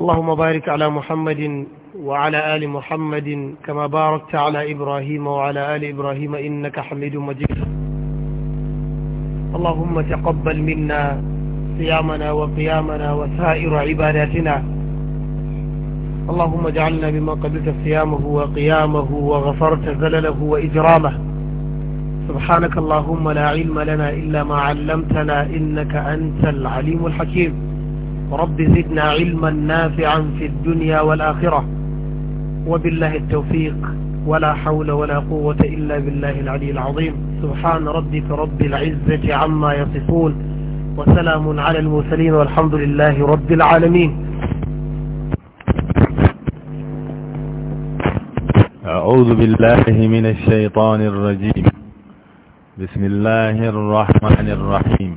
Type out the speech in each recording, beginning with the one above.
اللهم بارك على محمد وعلى آل محمد كما باركت على إبراهيم وعلى آل إبراهيم إنك حميد مجيد اللهم تقبل منا صيامنا وقيامنا وسائر عباداتنا اللهم اجعلنا بما قبلت صيامه وقيامه وغفرت زلله وإجرامه سبحانك اللهم لا علم لنا إلا ما علمتنا إنك أنت العليم الحكيم رب زدنا علما نافعا في الدنيا والآخرة وبالله التوفيق ولا حول ولا قوة إلا بالله العلي العظيم سبحان ربك رب العزة عما يصفون وسلام على المرسلين والحمد لله رب العالمين أعوذ بالله من الشيطان الرجيم بسم الله الرحمن الرحيم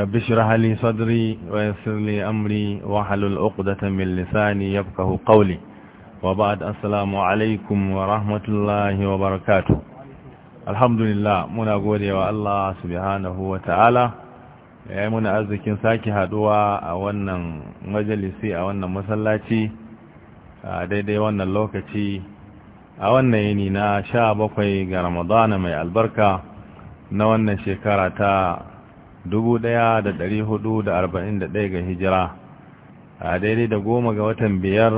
رب اشرح لي صدري ويسر لي أمري واحلل عقدة من لساني يفقه قولي وبعد السلام عليكم ورحمة الله وبركاته الحمد لله منا subhanahu والله سبحانه وتعالى yayi muna arzikin sake haɗuwa a wannan majalisi a wannan masallaci a daidai wannan lokaci a wannan yini na sha bakwai ga ramadana mai albarka na wannan shekara ta ɗaya ga hijira a daidai da goma ga watan biyar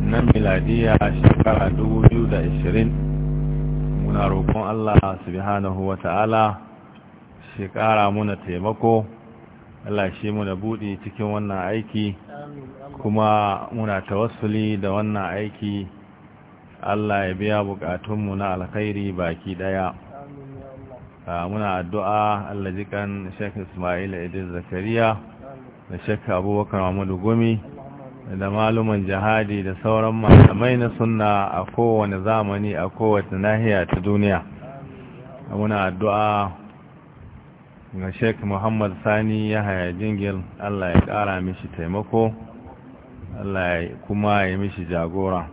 na miladiya shekara ashirin muna roƙon Allah subhanahu wa ta'ala shekara muna taimako Allah shi muna buɗe cikin wannan aiki kuma muna tawassuli da wannan aiki Allah ya biya buƙatunmu na alkhairi baki ɗaya Ah, muna addu'a Allah jikan Sheikh Ismail Idris Zakariya da Sheikh Abubakar Mahmud Gumi da maluman jihadi da sauran malamai na sunna a kowane zamani a kowace nahiya ta duniya muna addu'a ga shek Muhammad Sani Yahaya Jingil Allah ya ƙara mishi taimako Allah kuma ya mishi jagora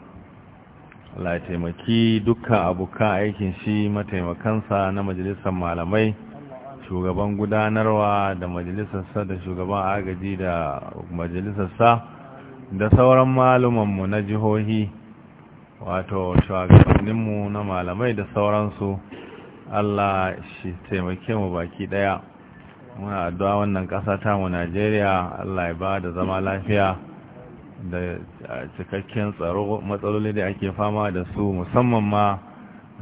Allah ya taimaki dukkan abokan aikin shi mataimakansa na majalisar malamai shugaban gudanarwa da majalisarsa da shugaban agaji da majalisarsa da sauran malumanmu na jihohi wato shugabanninmu na malamai da sauransu Allah shi taimake mu baki daya muna addu'a wannan kasa ta mu Najeriya Allah ya ba da zama lafiya da cikakken tsaro matsaloli da ake fama da su musamman ma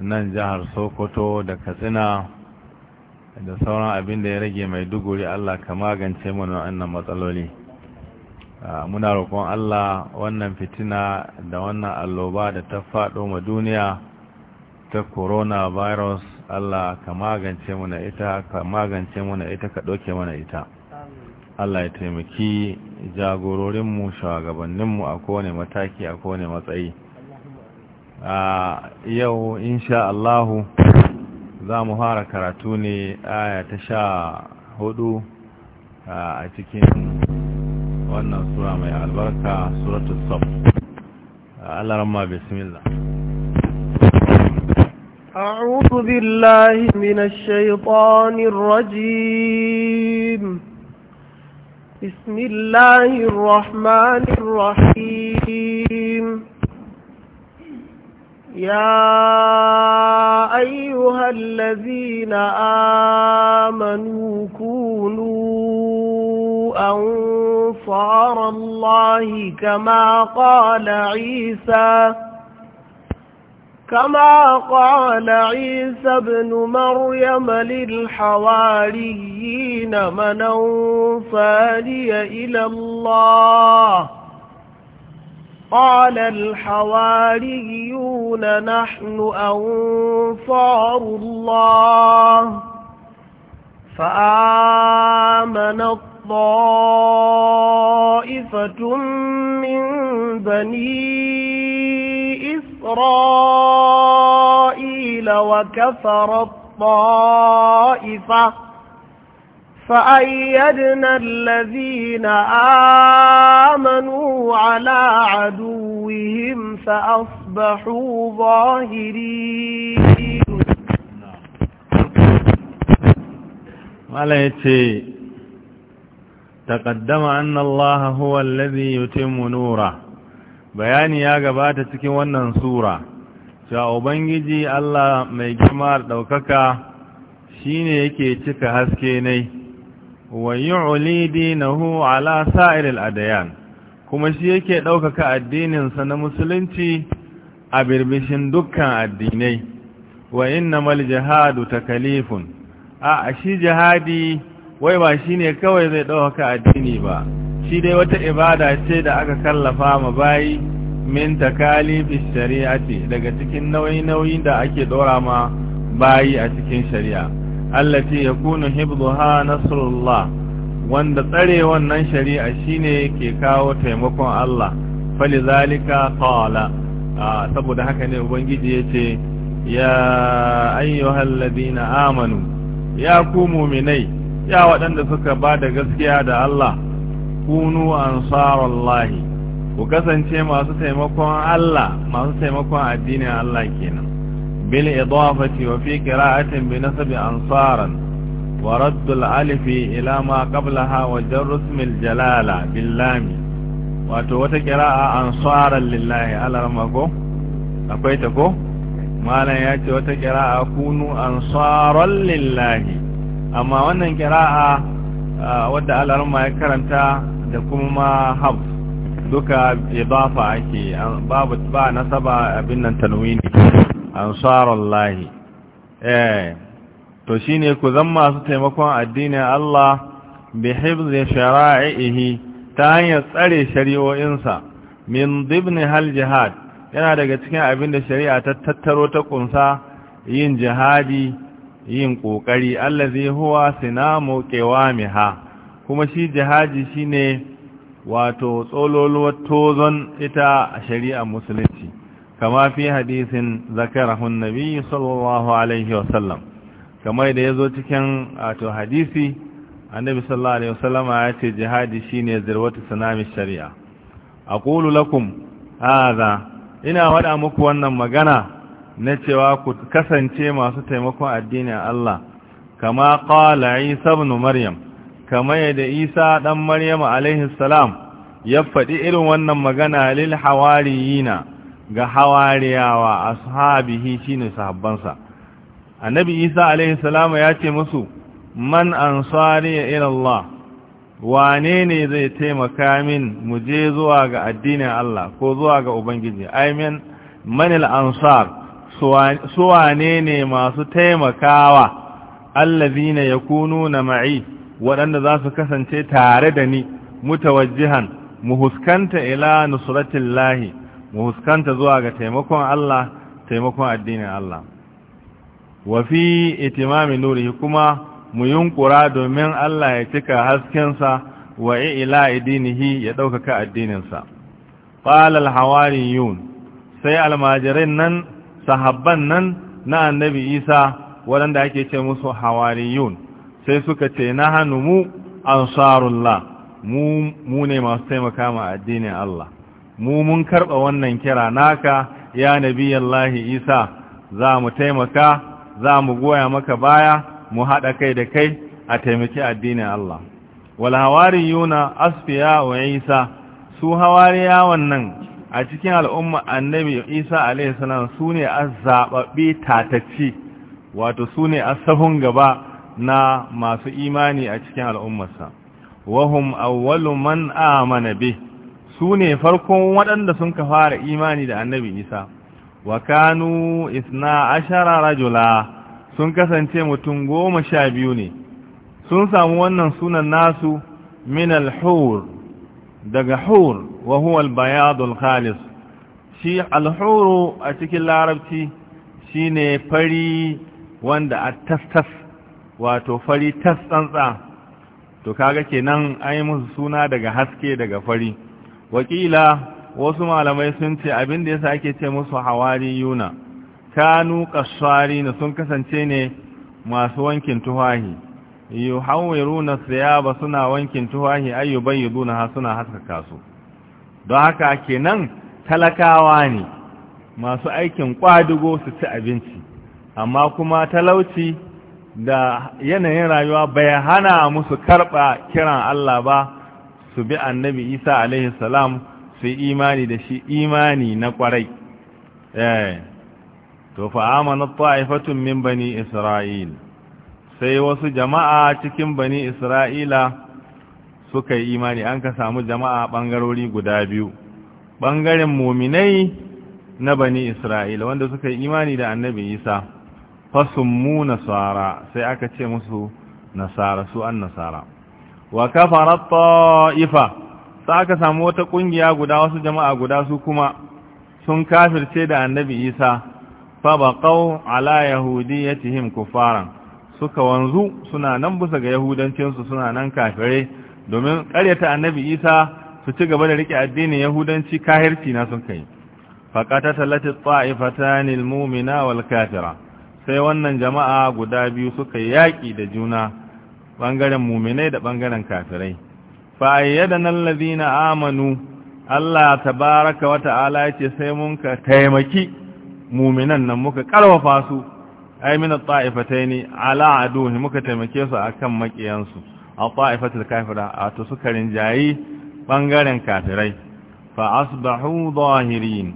nan jihar sokoto da katsina da sauran abin da ya rage mai duguri allah ka magance mana wannan matsaloli muna roƙon allah wannan fitina da wannan alloba da ta faɗo ma duniya ta coronavirus allah ka magance mana ita ka magance mana ita ka ɗauke mana ita Allah ya taimaki jagororinmu shugabanninmu a kowane mataki a kowane matsayi a yau insha Allahu za mu fara karatu ne aya ta sha hudu a cikin wannan sura mai albarka suratul saf Allah ramma bismillah أعوذ بالله من الشيطان الرجيم بسم الله الرحمن الرحيم يا أيها الذين آمنوا كونوا أنصار الله كما قال عيسى كما قال عيسى بن مريم للحواريين من أنصاري إلى الله قال الحواريون نحن أنصار الله فآمن الطريق طائفة من بني إسرائيل وكفر الطائفة فأيدنا الذين آمنوا على عدوهم فأصبحوا ظاهرين مالا تقدم أن الله هو الذي يتم نوره bayani ya gabata cikin wannan sura cewa ubangiji Allah mai girma da daukaka shine yake cika haske ne wa yu'li dinahu ala sa'iril adyan kuma shi yake ɗaukaka addininsa na musulunci a birbishin dukkan addinai wa innamal jihadu takalifun A'a shi jihadi wai ba shi ne kawai zai ɗauka addini ba shi dai wata ibada ce da aka kallafa ma bayi min shari'a ce daga cikin nauyi-nauyin da ake ɗora ma bayi a cikin shari'a allati yakunu hibduha nasrullah wanda tsare wannan shari'a shine ke kawo taimakon Allah falizalika qala saboda haka ne ubangiji yace ya ayyuhal ladina amanu ya ku mu'minai ya waɗanda suka ba da gaskiya da Allah kunu ansarallahi ku kasance masu taimakon Allah masu taimakon addinin Allah kenan bil idafati wa fi qira'atin bi nasabi ansaran wa al alif ila ma qablaha wa ism al jalala bil lam wato wata qira'a ansaran lillahi ala akwai ta ko malam ya ce wata qira'a kunu ansaran lillahi amma wannan kira'a wadda alarma ya karanta da kuma haf duka idafa ake babu ba nasaba abin nan tanwini lahi eh to shine ku zan masu taimakon addinin Allah bi hifzi shara'ihi ta hanyar tsare shari'o'insa min dibni hal jihad yana daga cikin abin da shari'a ta tattaro ta kunsa yin jihadi yin ƙoƙari allazi huwa sinamu ha. kuma shi jihadi shine wato tsololuwar tozon ita a shari'ar musulunci kama fi hadisin zakarahu nabi sallallahu alaihi wasallam kamar da yazo cikin wato hadisi annabi sallallahu alaihi wasallam ya ce jihadi shine zirwatu sinamin shari'a aqulu lakum hadha ina wada muku wannan magana na cewa ku kasance masu taimakon addinin Allah kama qala Isa ibn Maryam kama yadda Isa dan Maryam alaihi salam ya faɗi irin wannan magana lil hawariyina ga hawariyawa ashabihi shine sahabbansa annabi Isa alaihi salam ya ce musu man ansari ila Allah wane ne zai taimaka min mu je zuwa ga addinin Allah ko zuwa ga Ubangiji, aimin manil ansar wane ne masu taimakawa allazina na ma'i waɗanda za su kasance tare da ni mutawajjihan muhuskanta ila nusratillahi muhuskanta zuwa ga taimakon Allah taimakon addinin Allah wa fi itimami nuri kuma mu yunkura domin Allah ya cika haskensa wa ila idinihi ya ɗaukaka addininsa qala al-hawariyun sai almajirin nan sahabban nan na annabi isa waɗanda ake ce musu hawariyun sai suka ce na hannu mu ansarullah mu ne masu taimaka ma addinin Allah mu mun karɓa wannan kira naka ya nabi Allahi isa za mu taimaka za mu goya maka baya mu haɗa kai da kai a taimaki addinin Allah wal hawariyuna asfiya wa isa su hawariya wannan a cikin al'umma annabi isa a.s. su ne a zaɓaɓɓe tatacci wato su ne a gaba na masu imani a cikin al'ummarsa wahum awwalu man amana bi su ne farkon waɗanda sun ka fara imani da annabi isa wa kanu isna ashara rajula sun kasance mutum goma sha biyu ne sun samu wannan sunan nasu min al daga hur wa huwa al-bayadul khalis shi al a cikin larabci shine fari wanda a tastas wato fari tas to kaga kenan ayi yi musu suna daga haske daga fari wakila wasu malamai sun ce abin da yasa ake ce musu hawari yuna kanu qasari sun kasance ne masu wankin tuhahi na thiyaba suna wankin tuwahi ayyubayyiduna suna haskaka su don haka kenan talakawa ne masu aikin kwadugo su ci abinci amma kuma talauci da yanayin rayuwa bai hana musu karba kiran Allah ba su bi annabi Isa alaihi salam su yi imani da shi imani na kwarai eh to fa amana ta'ifatun min bani isra'il sai wasu jama'a cikin bani isra'ila suka yi imani an ka samu jama'a ɓangarori guda biyu ɓangaren muminai na bani isra'ila wanda suka yi imani da annabi isa fasummu nasara sai aka ce musu nasara su an nasara wa kafarar ta'ifa sai aka samu wata ƙungiya guda wasu jama'a guda su kuma sun kafirce da annabi isa fa baƙau ala yahudiyatihim kufaran suka wanzu suna nan bisa ga yahudancinsu suna nan kafirai domin karyata annabi isa su ci gaba da rike addinin yahudanci kahirci na sun kai faƙata talata tsa'ifatani mumina wal kafira sai wannan jama'a guda biyu suka yi yaƙi da juna ɓangaren muminai da ɓangaren kafirai fa'ayyadana allazina amanu Allah ta baraka wa ta'ala ce sai mun ka taimaki muminan nan muka karfafa su ay min al taifataini ala aduhi muka taimake su akan makiyansu a taifatul kafira a to suka rinjayi bangaren kafirai fa asbahu zahirin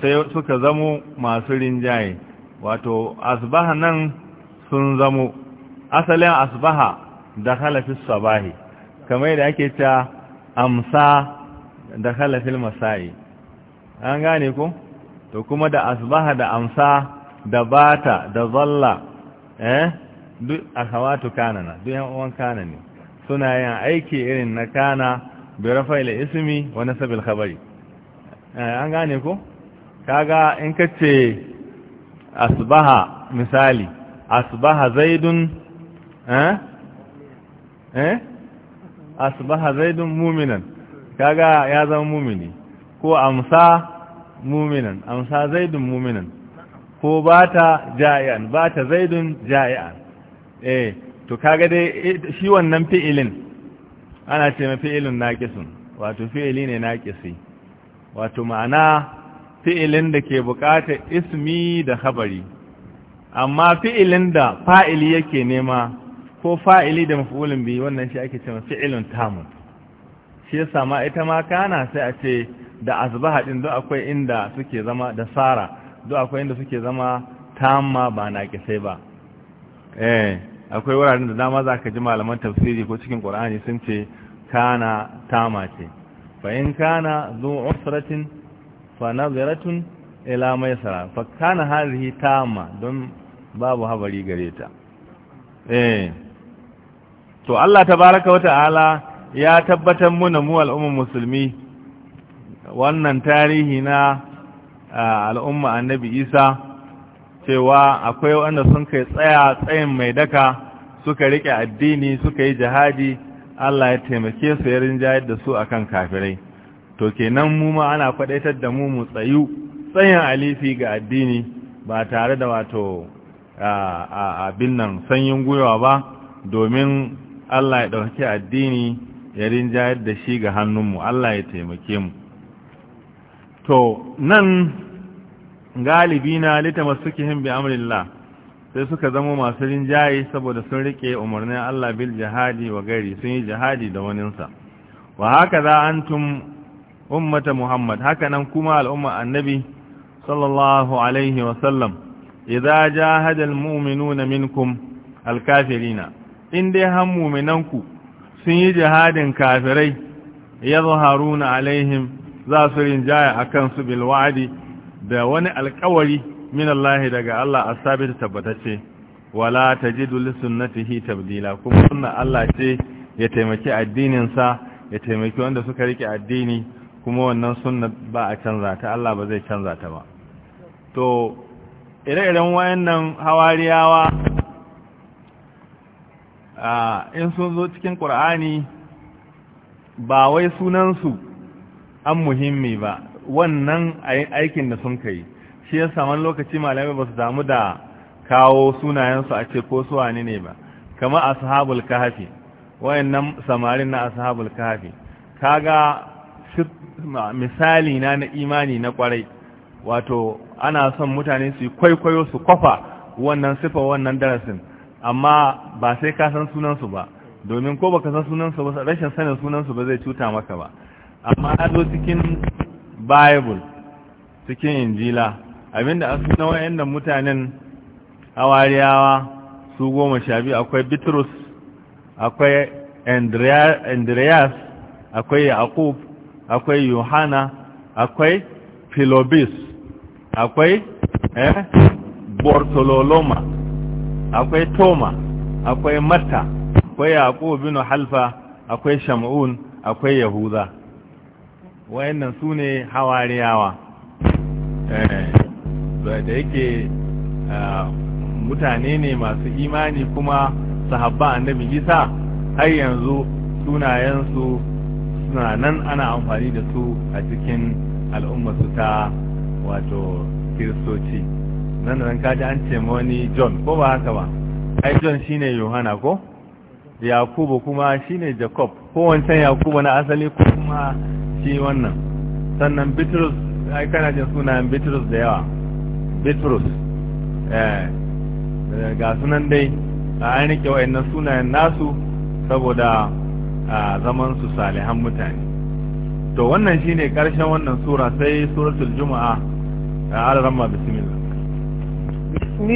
sai suka zamo masu rinjaye wato asbaha nan sun zamo asalin asbaha da halafis sabahi kamar da ake ta amsa da halafil masai an gane ko to kuma da asbaha da amsa da bata da zalla eh duk akhawatu kanana duk yan uwan kana ne suna yin aiki irin na kana bi rafa'il ismi wa al khabari eh, an gane ko kaga in kace asbaha misali asbaha zaidun eh eh asbaha zaidun mu'minan kaga ya zama mu'mini ko amsa mu'minan amsa zaidun mu'minan ko ba ta jayan ba ta zaidun jayan eh to kaga dai eh, shi wannan fi'ilin ana ce ma fi'ilin naqisun wato fi'ili ne naqisi wato ma'ana fi'ilin da ke bukata ismi da habari. amma fi'ilin da fa'ili yake nema ko fa'ili da maf'ulin biyu, wannan shi ake cewa fi'ilun tamun shi yasa ma ita ma kana sai a ce da asbaha din duk akwai inda suke zama da sara duk akwai inda suke zama tamma ba na kisai ba eh akwai wuraren da dama za ka ji malaman tafsiri ko cikin ƙur'ani sun ce kana tama ce fa in kana zu usratin fa nazaratun ila fa kana tama don babu habari gareta. eh to Allah tabaraka wa ta'ala ya tabbatar muna mu al'ummar musulmi wannan tarihi na al'umma annabi isa cewa akwai wanda sun kai tsaya tsayin mai daka suka riƙe addini suka yi jihadi Allah ya taimake su ya rinjayar da su akan kafirai to kenan mu ma ana faɗaitar da mu mu tsayu tsayin alifi ga addini ba tare da wato abin nan sanyin gwiwa ba domin Allah ya ɗauki addini ya rinjayar da shi ga hannunmu Allah ya taimake mu to nan galibi na litamassukihim bi amrillah sai suka zama masu rinjaye saboda sun rike umarnin Allah bil jihadi wa gari sun yi jihadi da waninsa wa haka za antum ummata Muhammad haka nan kuma al'umma annabi sallallahu alaihi wa sallam jahada almu'minuna minkum alkafirina in dai han mu'minanku sun yi jihadin kafirai Haruna alaihim za su rinjaya a kansu bilwa'adi da wani alkawari min Allah daga Allah sabita tabbatacce wala ta ji tajidu li hi tabdila kuma sunna Allah ce ya taimaki addininsa ya taimaki wanda suka rike addini kuma wannan sunna ba a canza ta Allah ba zai canza ta ba to ire-iren wayannan hawariyawa in sun zo cikin ƙura'ani ba wai sunansu an muhimmi ba wannan aikin da sun kai shi ya saman lokaci malamai ba su damu da kawo sunayensu a ce ko ne ba kama ashabul kahafi wayannan samarin na ashabul kahafi kaga misali na na imani na kwarai wato ana son mutane su kwaikwayo su kwafa wannan sifa wannan darasin amma ba sai ka san sunansu ba domin ko baka san sunansu ba rashin sanin sunansu ba zai cuta maka ba amma ya zo cikin bible cikin injila abinda a suna da mutanen hawariyawa su goma sha biyu akwai bitrus akwai andreas akwai yaqub akwai yohana akwai philobis akwai eh, bortololoma akwai toma akwai mata akwai yaqub bin halfa akwai shamun akwai yahuda wayannan su ne hawariyawa eh, da yake ah, mutane ne masu imani kuma sahabba annabi isa har yanzu sunayensu suna nan ana amfani da su a cikin al'ummarsu ta wato kiristoci nan da kaji an ce wani john ko ba haka ba ai john shine yohana ko yakubu kuma shine jacob ko wancan yakubu na asali kuma ji wannan sannan bitrus ai kana jin sunayen bitrus da yawa bitrus eh, eh, ga sunan dai a an rike wa'annan sunayen nasu saboda zaman su salihan mutane to wannan shine karshen wannan sura sai suratul juma'a ala ramma bismillah بسم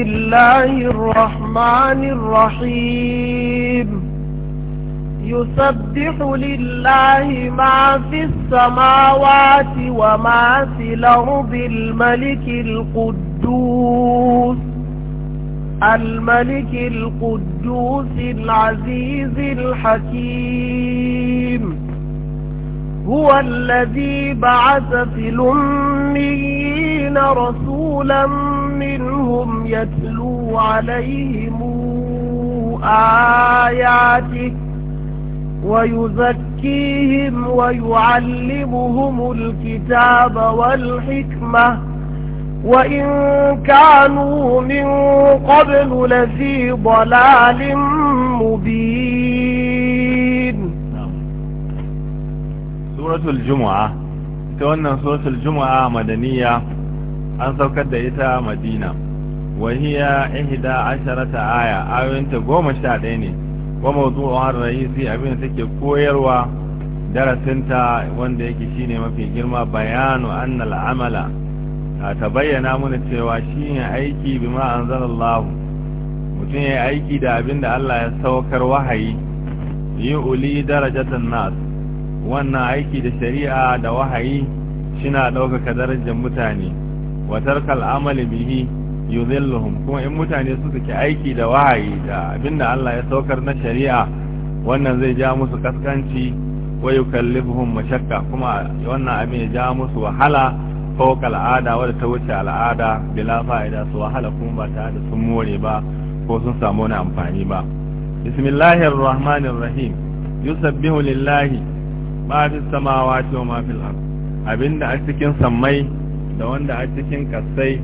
يسبح لله ما في السماوات وما في الأرض الملك القدوس الملك القدوس العزيز الحكيم هو الذي بعث في الأميين رسولا منهم يتلو عليهم آياته ويزكيهم ويعلمهم الكتاب والحكمة وإن كانوا من قبل لفي ضلال مبين سورة الجمعة تونا سورة الجمعة مدنية an saukar مدينة وهي إحدى عشرة آية آية aya ayoyinta goma wa mawdu'uha ar-ra'isi abin da take koyarwa darasinta wanda yake shine mafi girma bayanu anna al-amala ta bayyana mana cewa shine aiki bima anzalallahu mutum ya aiki da abin da Allah ya saukar wahayi yi uli darajatan nas wannan aiki da shari'a da wahayi shina ɗaukaka darajar mutane wa tarkal amali bihi yuzilluhum kuma in mutane su suke aiki da wahayi da abinda Allah ya saukar na shari'a wannan zai ja musu kaskanci wa yukallifuhum mashakka kuma wannan abin ya ja musu wahala fawqa al'ada wadda ta wuce al'ada bila fa'ida su wahala kuma ba tare da sun more ba ko sun samu wani amfani ba bismillahir rahmanir rahim yusabbihu lillahi ma fis samawati wa ma fil abinda a cikin sammai da wanda a cikin kasai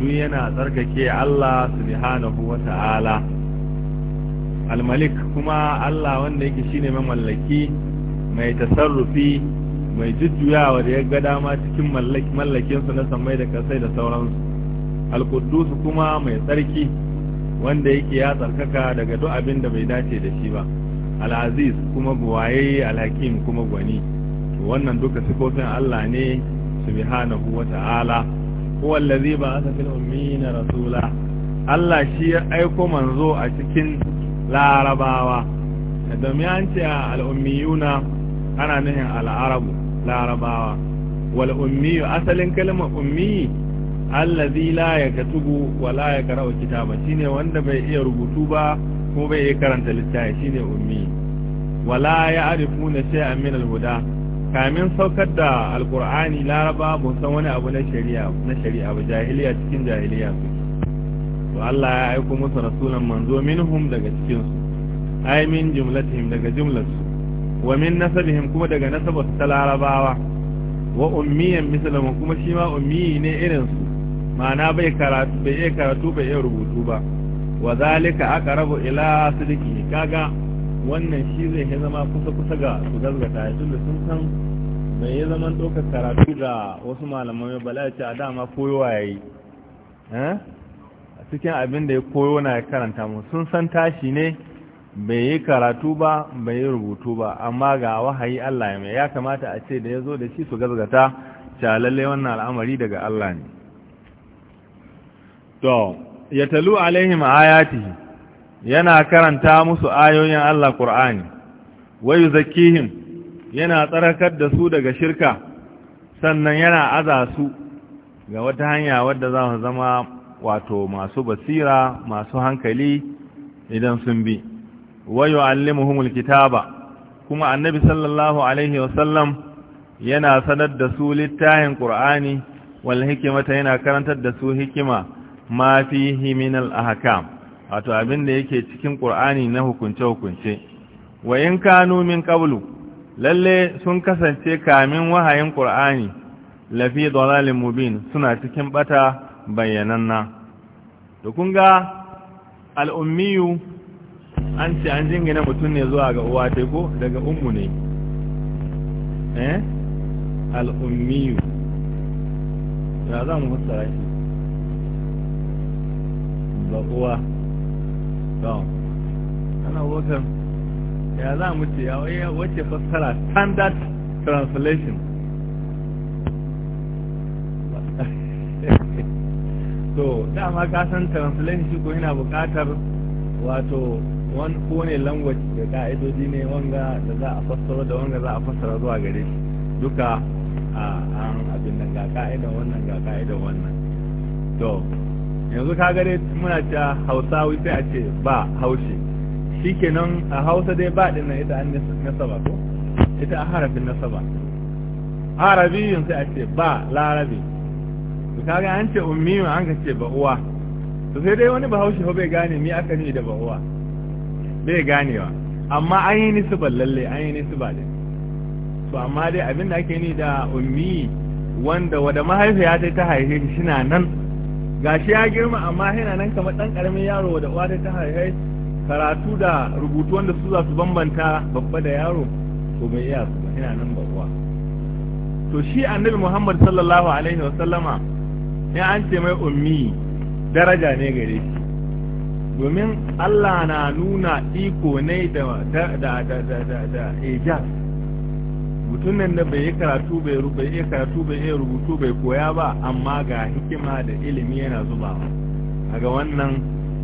duk yana tsarkake Allah subhanahu wa ta'ala almalik kuma Allah wanda yake shine mamallaki mai tasarrufi mai jujjuyawa da ya ga dama cikin mallakinsu na samai da kasai da sauransu alkudus kuma mai tsarki wanda yake ya tsarkaka daga duk abin da bai dace da shi ba al'aziz kuma buwaye alhakim kuma gwani to wannan duka sifofin Allah ne subhanahu wa ta'ala huwa allazi ba'atha fil ummiyina rasula Allah shi ya aiko manzo a cikin larabawa domin an ce al'ummiyuna ana nuhin al'arabu larabawa wal ummiyu asalin kalmar ummi allazi la yaktubu wa la yaqra'u kitaba shine wanda bai iya rubutu ba ko bai iya karanta littafi shine ummi wala ya'rifuna shay'an min al-huda kamin saukar da alkur'ani laraba ba san wani abu na shari'a na shari'a ba jahiliya cikin jahiliya su to Allah ya aiko musu rasulan manzo minhum daga cikin su ay min jumlatihim daga jumlar su wa min nasabihim kuma daga nasabar ta larabawa wa ummiyan misalama kuma shi ma ummi ne irin su ma'ana bai karatu bai iya karatu bai iya rubutu ba wa zalika aqrabu ila sidiki kaga wannan shi zai ya zama kusa-kusa ga su gazgata ya tunda sun san mai ya zama ɗaukar karatu ga wasu malamai bala ce a dama koyowa ya yi eh? a cikin abin da ya koyo na ya karanta mu sun san tashi ne bai yi karatu ba bai yi rubutu ba amma ga wahayi Allah ya mai ya kamata a ce da ya zo da shi su gazgata cewa wannan al'amari daga Allah ne ya talu alaihim ayatihi yana karanta musu ayoyin Allah ƙur'ani. wayu zakihim yana tsarkar da su daga shirka sannan yana aza su ga wata hanya wadda za su zama wato masu basira masu hankali idan sun bi wayu allimuhumul kitaba kuma annabi sallallahu alaihi wasallam yana sanar da su littafin Qur'ani wal hikimata yana karantar da su hikima ma fihi min al ahkam wato abin da yake cikin ƙur'ani na hukunce-hukunce wa in kanu min qablu lalle sun kasance kamin wahayin ƙur'ani lafi dalalin mubin suna cikin bata bayyananna To kun ga al'ummiyu an ce an jingina mutum ne zuwa ga uwa ko daga ummu ne eh al'ummiyu ya za wasa shi ba uwa to ana wakan ya za mu ce ya wace fassara standard translation to dama ka san translation shi ko yana buƙatar wato wani kone language da ka'idoji ne wanga da za a fassara da wanga za a fassara zuwa gare shi duka a abin da ga ka'idan wannan ga ka'idan wannan to yanzu ka gare muna cewa hausawi sai a ce ba haushe shi kenan a hausa dai ba ɗin ita an nasaba ko ita a harafin nasaba yin sai a ce ba larabi to kaga an ce ummi an ka ce ba uwa to sai dai wani bahaushe ko bai gane mi aka ni da ba uwa bai ganewa amma an yi ba lalle an yi ba dai to amma dai abin da ake ni da ummi wanda wada mahaifiya ta ta haife shi na nan gashi ya girma amma yana nan kamar dan karamin yaro da uwa ta haihai karatu da rubutu wanda su za su bambanta babba da yaro to mai iya su ba yana nan babba to shi annabi Muhammad sallallahu alaihi wa sallama in an ce mai ummi daraja ne gare shi domin Allah na nuna iko ne da da da da da, da, da, mutumin da bai yi karatu bai bai iya karatu bai iya rubutu bai koya ba amma ga hikima da ilimi yana zubawa ga wannan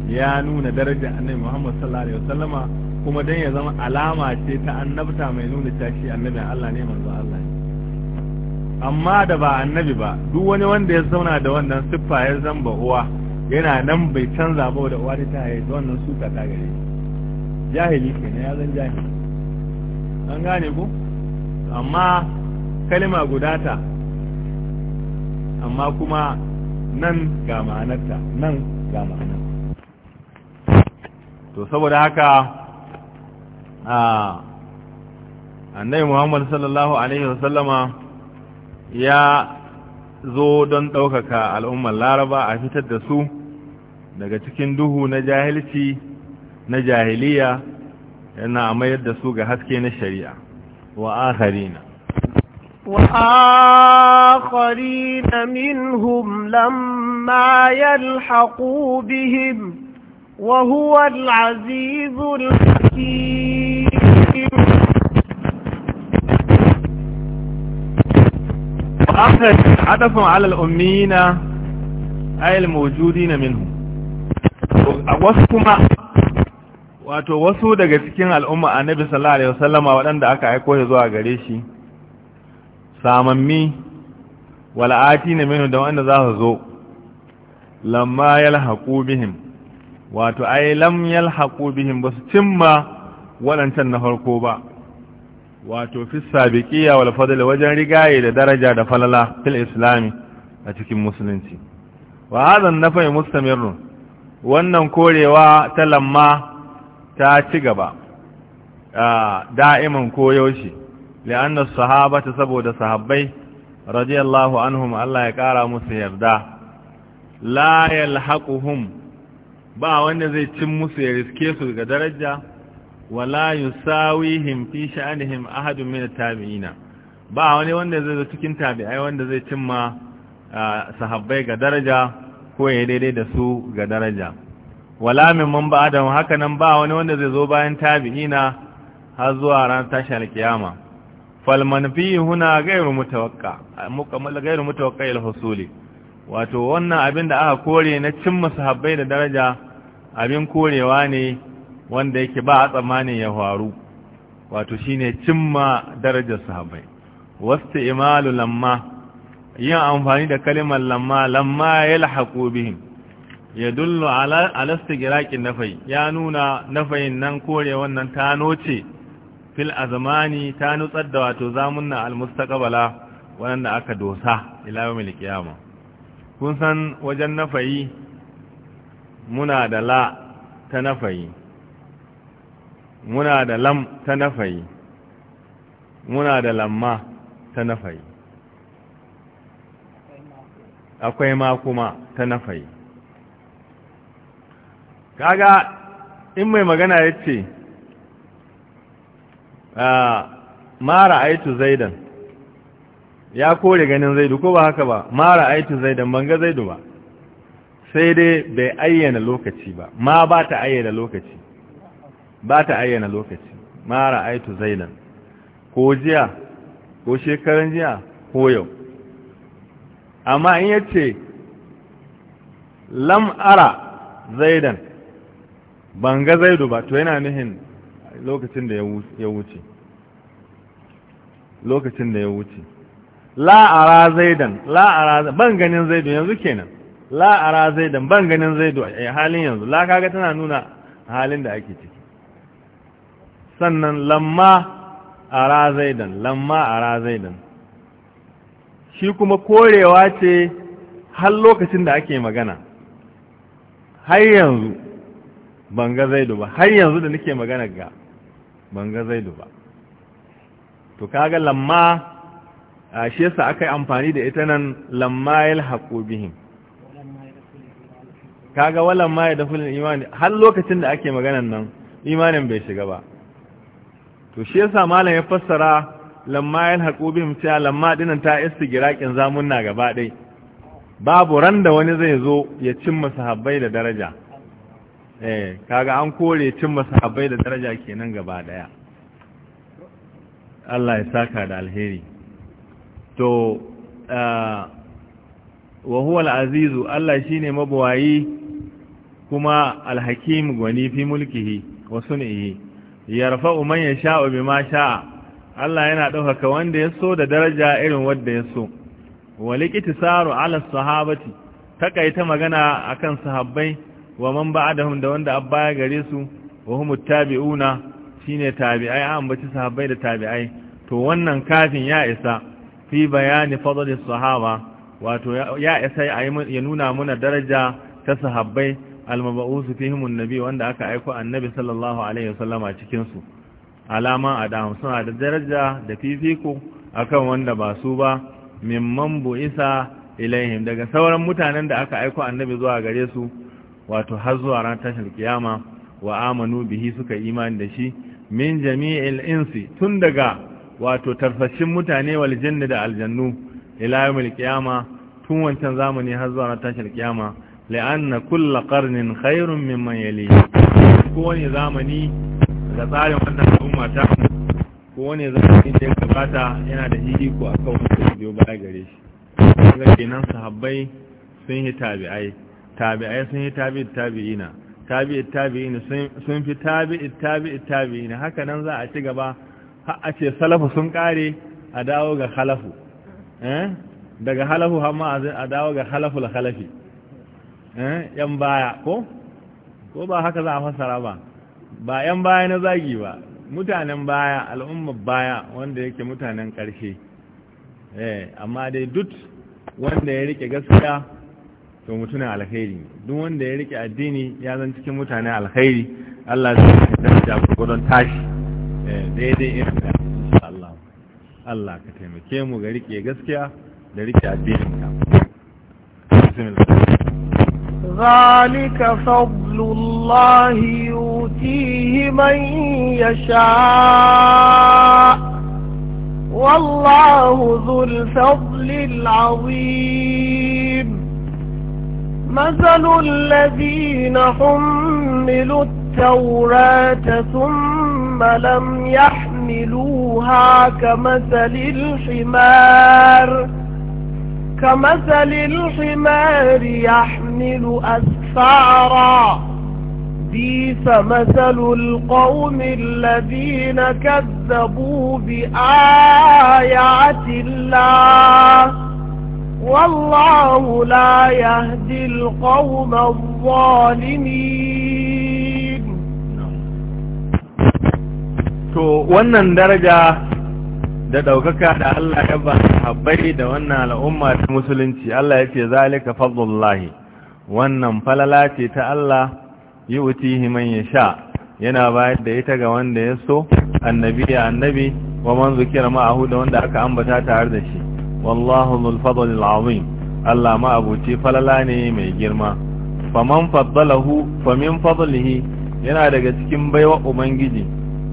ya nuna daraja annabi Muhammad sallallahu alaihi wasallama kuma dan ya zama alama ce ta annabta mai nuna tashi annabi Allah ne manzo Allah ne amma da ba annabi ba duk wani wanda ya zauna da wannan siffa ya zamba uwa yana nan bai canza ba da uwa ta da wannan suka ta gare jahili kenan ya zan jahili an gane ko amma kalima gudata ta amma kuma nan ga ma'anarta nan ga ma'anar to saboda haka a annai muhammad sallallahu alaihi wasallama ya zo don ɗaukaka al'ummar laraba a fitar da su daga cikin duhu na jahilci na jahiliya yana mayar da su ga haske na shari'a وآخرين وآخرين منهم لما يلحقوا بهم وهو العزيز الحكيم وآخر عطف على الأمين أي الموجودين منهم وصفما wato wasu daga cikin al'umma annabi sallallahu alaihi wasallama waɗanda aka aiko shi zuwa gare shi samammi wal'ati na minu da wanda za su zo lamma yalhaqu bihim wato ai lam yalhaqu bihim basu cimma waɗancan na farko ba wato fi sabiqiyya wal fadl wajen rigaye da daraja da falala fil islami a cikin musulunci wa na nafai nafi mustamirrun wannan korewa ta lamma ta ci gaba da'iman koyaushe li'anna sahabata saboda sahabbai radiyallahu anhum Allah ya kara musu yarda la yalhaquhum ba wanda zai cin musu ya riske su ga daraja wala yusawihim fi sha'anihim ahad min tabi'ina ba wani wanda zai zo cikin tabi'ai wanda zai cimma sahabbai ga daraja ko ya daidai da su ga daraja wala min man ba adam haka nan ba wani wanda zai zo bayan tabi'ina har zuwa ran tashin kiyama fal manfi huna ghairu mutawakka mukammal ghairu mutawakka il husuli wato wannan abin da aka kore na cimma sahabbai da daraja abin korewa ne wanda yake ba a tsammanin ya faru wato shine cimma darajar sahabbai wasti imalu lamma yin amfani da kalimar lamma lamma yalhaqu bihim ya dullo alasta girakin nafai ya nuna nafayin nan kore wannan ta noce fil azmani ta nutsar da wato zamunna almustaqbala wanda aka dosa ila yawmil qiyama kun san wajen nafayi muna da la ta nafayi muna da lam ta nafayi muna da lamma ta nafayi akwai ma kuma ta nafayi kaga in mai magana ya ce ah, mara aitu zaidan ya kore ganin zaidu ko ba haka ba mara aitu zaidan ban ga zaidu ba sai dai bai ayyana lokaci ba ma ba ta ayyana lokaci ba ta ayyana lokaci mara aitu zaidan ko jiya ko shekaran jiya ko yau amma in yace lam ara zaidan ban ga zaidu ba to yana nihin lokacin da ya wuce lokacin da ya wuce la'ara zaidan la'ara ban ganin zaidu yanzu kenan la'ara zaidan ban ganin zaidu a halin yanzu la kaga tana nuna halin da ake ciki sannan lamma ara zaidan lamma ara zaidan shi kuma korewa ce har lokacin da ake magana har yanzu ban ga zaidu ba har yanzu da nake magana ga ban ga zaidu ba to kaga lamma a shi yasa aka yi amfani da ita nan lamma yalhaqu bihim kaga wallan ma fulin imani har lokacin da ake maganan nan imanin bai shiga ba to shi yasa malam ya fassara lamma yalhaqu bihim ta lamma dinan ta istigiraqin zamunna gaba dai babu randa wani zai zo ya cimma sahabbai da daraja eh kaga an kore cin masahabbai da daraja kenan gaba daya Allah ya saka da alheri to wa huwa al-azizu Allah shine mabuwayi kuma al-hakim gwani fi mulkihi wa sun'ihi yarfa'u man yasha'u bima sha'a Allah yana ɗaukaka wanda ya so da daraja irin wanda ya so wa liqtisaru ala sahabati takaita magana akan sahabbai wa man ba'adahum da wanda abba gare su wa hum tabi'una shine tabi'ai an ambaci sahabbai da tabi'ai to wannan kafin ya isa fi bayani fadli sahaba wato ya isa ya nuna muna daraja ta sahabbai almabu'usu fihim annabi wanda aka aika annabi sallallahu alaihi wasallama cikin su alama adam suna da daraja da fifiko akan wanda ba su ba mimman bu isa ilaihim daga sauran mutanen da aka aika annabi zuwa gare su wato har zuwa ran tashin kiyama wa amanu bihi suka imani da shi min jami'il insi tun daga wato tarfashin mutane wal jinni da aljannu ila yawmil kiyama tun wancan zamani har zuwa ran tashin kiyama la'anna kullu qarnin khairun mimman yali wani zamani da tsarin wannan al'umma ta wani zamani da ya gabata yana da ko akan wani biyo baya gare shi kenan sahabbai sun yi tabi'ai tabi'ai sun yi tabi'it tabi'ina tabi'i tabi'ina sun fi tabi'i tabi'i tabi'ina haka nan za a ci gaba a ce salafu sun kare a dawo ga halafu eh? daga halafu har ma a dawo ga halafu la halafi eh? yan baya ko ko ba haka za a fassara ba ba yan baya na zagi ba mutanen baya al'ummar baya wanda yake mutanen ƙarshe eh amma dai duk wanda ya rike gaskiya to mutumin alkhairi duk wanda ya rike addini ya zan cikin mutane alkhairi Allah zai daraja gudun tashi eh, daidai irin da Allah Allah ka taimake mu ga rike gaskiya da rike addinin ka ذلك فضل الله يؤتيه من يشاء والله ذو الفضل العظيم مثل الذين حملوا التوراة ثم لم يحملوها كمثل الحمار كمثل الحمار يحمل أسفارا بيس مثل القوم الذين كذبوا بآيات الله والله لا يهدي القوم الظالمين to wannan daraja da ɗaukaka da Allah ya ba habbai da wannan al'umma ta musulunci Allah ya ce zalika fadlullahi wannan falala ce ta Allah yi man yasha yana bayar da ita ga wanda ya so annabi ya annabi wa man zikira ma'ahu da wanda aka ambata tare da shi wallahu dhul fadl al-azim Allah ma abuci falala ne mai girma faman faddalahu famin fadlihi yana daga cikin baiwa ubangiji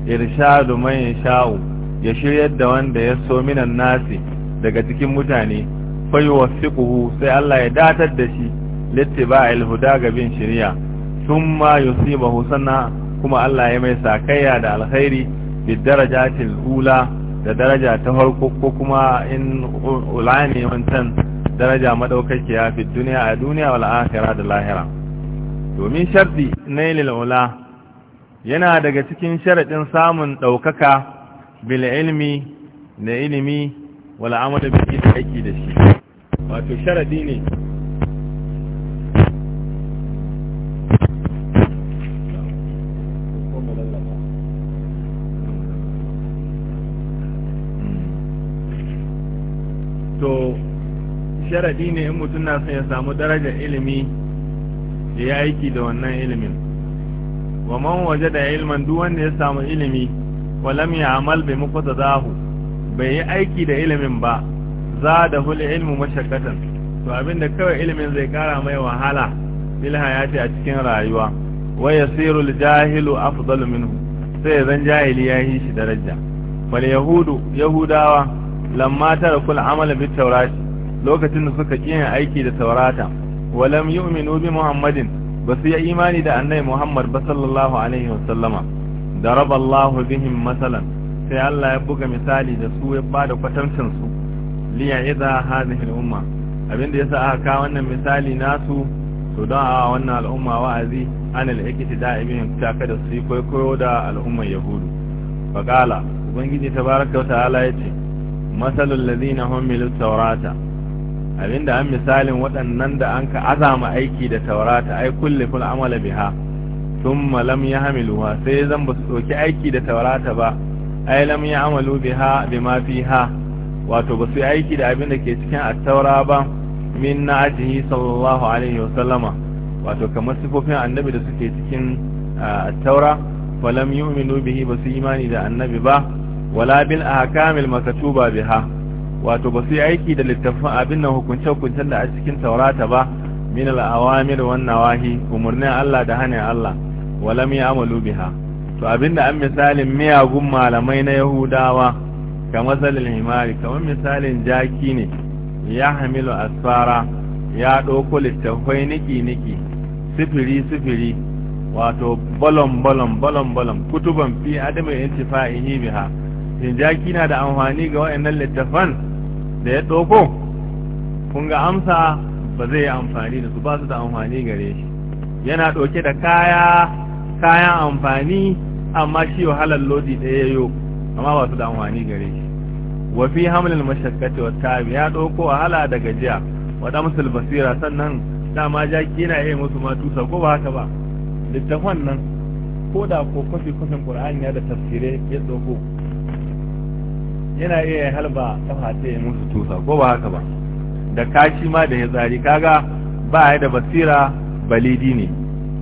irshadu man sha'u ya shiryar da wanda ya so minan nasi daga cikin mutane fayuwaffiquhu sai Allah ya datar da shi littiba'il huda ga bin shari'a thumma yusibahu sanna kuma Allah ya mai sakayya da alkhairi bi darajatil ula da daraja ta farko ko kuma in ulani wancan daraja ya fi duniya a duniya wal akhirah da lahira domin sharɗi na ula yana daga cikin sharaɗin samun ɗaukaka bil ilmi na ilimi wal amal bi aiki da shi wato sharadi ne sharadi ne in mutum na son ya samu daraja ilimi ya aiki da wannan ilimin wa man waje da ilman duk wanda ya samu ilimi wa lam ya'mal bi muqtadahu bai yi aiki da ilimin ba za da hul ilmu mashakkatan to abinda kawai ilimin zai kara mai wahala bil hayati a cikin rayuwa wa yasiru al jahilu afdalu minhu sai zan jahili ya yi shi daraja fal yahudu yahudawa lamma tarakul amala bit tawrati lokacin da suka yin aiki da taurata walam yu'minu bi muhammadin ba su yi imani da annai muhammad ba sallallahu alaihi wasallama daraba allahu bihim masalan sai allah ya buga misali da su ya bada kwatancin su liya idha hadhihi umma abinda yasa aka kawo wannan misali nasu su don a wannan al'umma wa'azi an al'ikiti da'ibin ta kada su yi kwaikwayo da al'umman yahudu faƙala ubangiji tabaraka wa ta'ala ya ce masalul ladina hum milus taurata abinda an misalin waɗannan da an ka azama aiki da taurata ai kulle ful amala biha Tun malam ya yahmiluha sai zan ba su ɗauki aiki da taurata ba ai lam ya'malu biha bima ha. wato ba su yi aiki da abin da ke cikin attaura ba min na ajihi sallallahu alaihi wa sallama wato kamar sifofin annabi da suke cikin at-taura falam yu'minu bihi ba su imani da annabi ba wala bil ahkamil maktuba biha wato ba su yi aiki da littafin abin nan hukunce-hukuncen da a cikin taurata ba min al'awamir wan nawahi umarnin Allah da hanin Allah walam ya amalu biha to abinda an misalin miyagun malamai na yahudawa ka masalin himari kamar misalin jaki ne ya hamilu asfara ya ɗauko littafai niki-niki sifiri-sifiri wato balon-balon balon-balon kutuban fi adamin intifa'ihi biha jaki na da amfani ga waɗannan littafan da ya ɗauko kun ga amsa ba zai yi amfani da su ba su da amfani gare shi yana ɗauke da kaya kayan amfani amma shi wahalar lodi ɗaya yau, amma ba su da amfani gare shi wa fi hamlin mashakkaci wa tabi ya ɗauko wahala da gajiya wa musul basira sannan dama jaki yana yi musu matusa ko ba haka ba littafan nan ko da ko kwafi kwafin ƙur'ani ya da tafsirai ya ɗauko yana iya halba kafa ta yi musu tusa ko ba haka ba da kashi ma da ya tsari kaga ba ya da basira balidi ne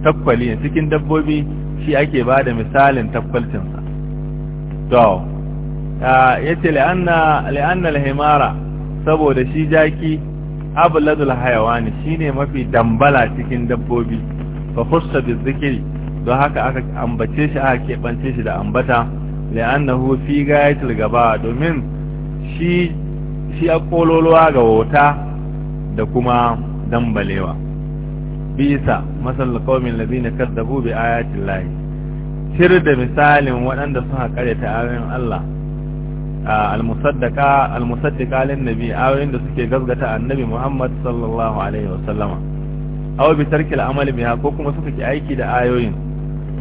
takwali ne cikin dabbobi shi ake ba da misalin takwalcinsa to ya ce la'anna al-himara saboda shi jaki abu abuladul hayawani shine mafi dambala cikin dabbobi fa fusta da zikiri don haka aka ambace shi aka keɓance shi da ambata la'annahu fi gayatul gaba domin shi shi a kololuwa ga wauta da kuma dambalewa bisa masal qaumin ladina kadzabu bi ayatil lahi shir da misalin waɗanda suka ta ayoyin Allah al-musaddaqa al-musaddiqa lin nabi ayoyin da suke gazgata annabi Muhammad sallallahu alaihi wasallama aw bi tarki al-amali biha ko kuma suka ki aiki da ayoyin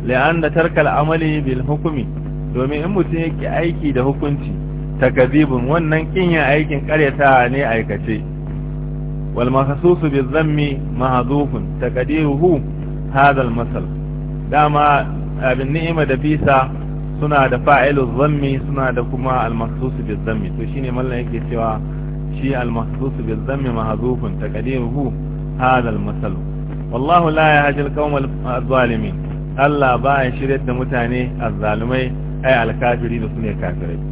la'anna tarka al-amali bil hukmi domin in mutum yake aiki da hukunci ta takazibun wannan kinyan aikin karyata ne aikace wal mahsusu bi zammi mahdhufun taqdiruhu hadha al masal dama abin ni'ima da bisa suna da fa'ilu zammi suna da kuma al mahsusu bi zammi to shine mallan yake cewa shi al mahsusu bi zammi mahdhufun taqdiruhu hadha al masal wallahu la yahdi al qawm zalimin Allah ba ya shirye da mutane azzalumai é ai alkafiri da su ne kafirai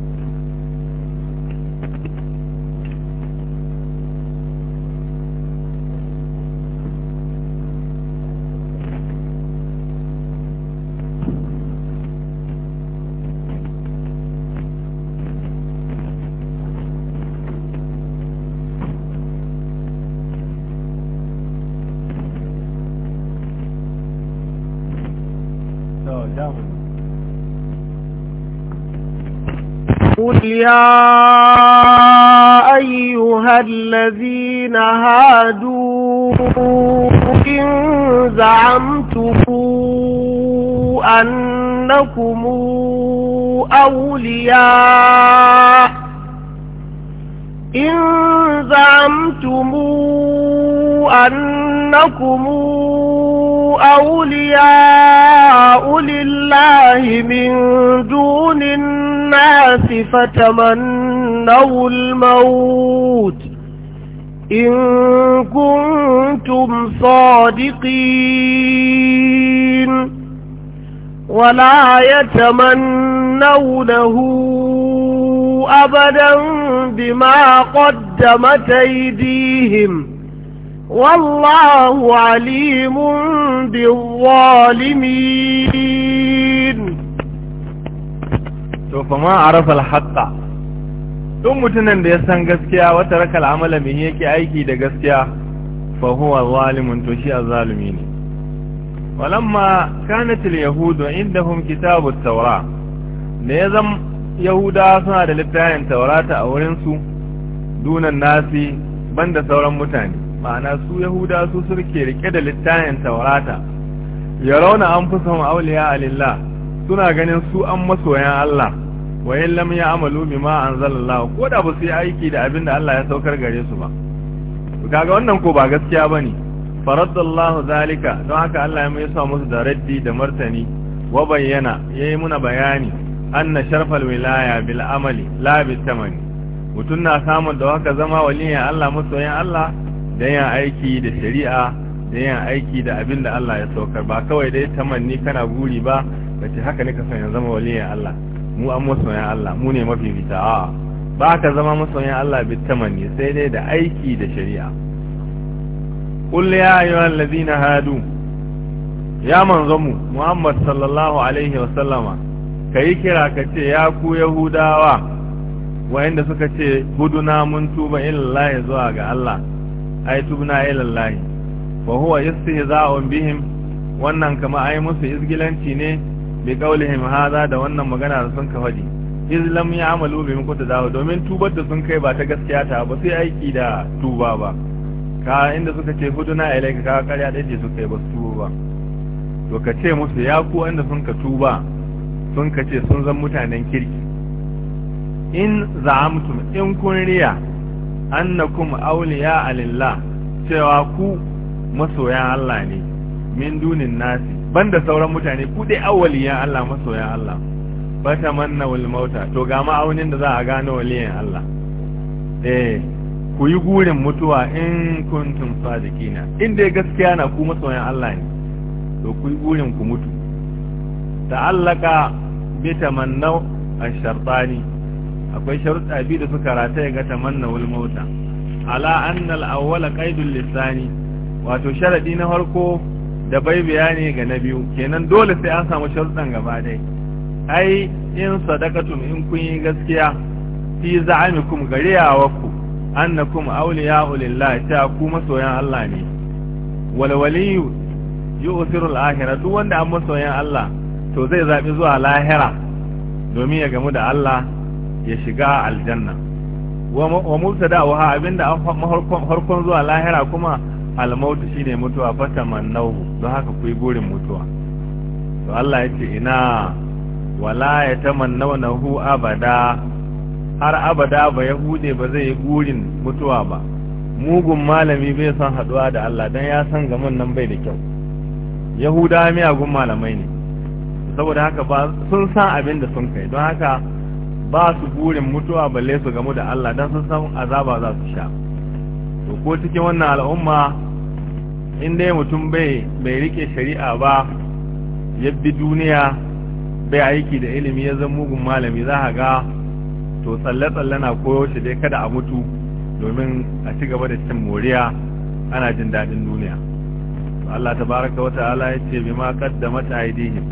قل يا أيها الذين هادوا إن زعمتم أنكم أولياء إن زعمتم أنكم أولياء لله من دون الناس فتمنوا الموت إن كنتم صادقين ولا يتمنونه أبدا بما قدمت أيديهم والله عليم بالظالمين to fa ma arafa al-haqqa duk mutumin da ya san gaskiya wata rakal amala mai yake aiki da gaskiya fa huwa zalimun to shi azzalimi ne walamma kanat al-yahudu inda kitab at-taura ya yazam yahuda suna da littafin taurata a wurin su dunan nasi banda sauran mutane ma'ana su yahuda su suke rike da littafin taurata yarawna anfusahum a lillah suna ganin su an masoyan Allah wa in lam ya'malu bima anzalallahu ko da ba su yi aiki da abin da Allah ya saukar gare su ba kaga wannan ko ba gaskiya bane faradallahu zalika don haka Allah ya mai sa musu da raddi da martani wa bayyana yayi muna bayani anna sharfal wilaya bil amali la bil tamani mutun na samun da haka zama waliyan Allah masoyan Allah da yin aiki da shari'a da yin aiki da abin da Allah ya saukar ba kawai dai tamanni kana guri ba wace haka ne ka sanya zama waliyan Allah mu an masoyan Allah mu ne mafi fita a ba ka zama masoyan Allah bitamanni sai dai da aiki da shari'a qul ya ayyuhal ladina hadu ya manzo mu Muhammad sallallahu alaihi wa sallama kai kira ka ce ya ku yahudawa wayanda suka ce huduna mun tuba ilallahi zuwa ga Allah ai tubna ilallahi wa huwa istihza'un bihim wannan kama ai musu izgilanci ne bi qaulihim hadha da wannan magana da sun ka faɗi iz lam ya'malu bi da dawo domin tubar da sun kai ba ta gaskiya ta ba sai aiki da tuba ba ka inda suka ce huduna ilayka ka kariya da su kai ba su tuba ba to ka ce musu ya ku inda sun ka tuba sun ka ce sun zan mutanen kirki in za'amtum in kun riya annakum awliya alillah cewa ku masoyan Allah ne min dunin nasi banda sauran mutane ku dai awwaliyan Allah masoyan Allah ba manna wal mauta to ga ma'aunin da za a gano waliyan Allah eh ku yi gurin mutuwa in kuntum sadiqina in dai gaskiya na ku masoyan Allah ne to ku yi gurin ku mutu ta'allaka bi tamannaw ash-shartani akwai sharuɗa bi da suka rata ga wal mauta ala anna al-awwala qaidul lisani wato sharadi na farko da bai bayani ga na biyu kenan dole sai an samu sharuɗan gaba dai ai in sadakatun in kun yi gaskiya fi za'amikum gariyawaku annakum awliya'u lillahi ta ku masoyan Allah ne wal waliyu yu'thirul akhirah duk wanda an masoyan Allah to zai zabi zuwa lahira domin ya gamu da Allah ya shiga aljanna wa mubtada wa abinda an farkon zuwa lahira kuma almautu shi ne mutuwa fata mannahu don haka ku yi burin mutuwa to Allah ya ce ina wala ya hu abada har abada ba ya hude ba zai yi burin mutuwa ba mugun malami bai san haduwa da Allah don ya san gaman nan bai da kyau yahuda miyagun malamai ne saboda haka ba sun san abin da sun kai don haka ba su burin mutuwa balle su gamu da Allah don sun san azaba za su sha ko cikin wannan al'umma in dai mutum bai bai rike shari'a ba ya bi duniya bai aiki da ilimi ya zama mugun malami za ka ga to tsalle-tsalle na koyo shi dai kada a mutu domin a ci gaba da cin moriya ana jin daɗin duniya Allah ta baraka wa ta'ala ya ce bi ma qaddamat aydihim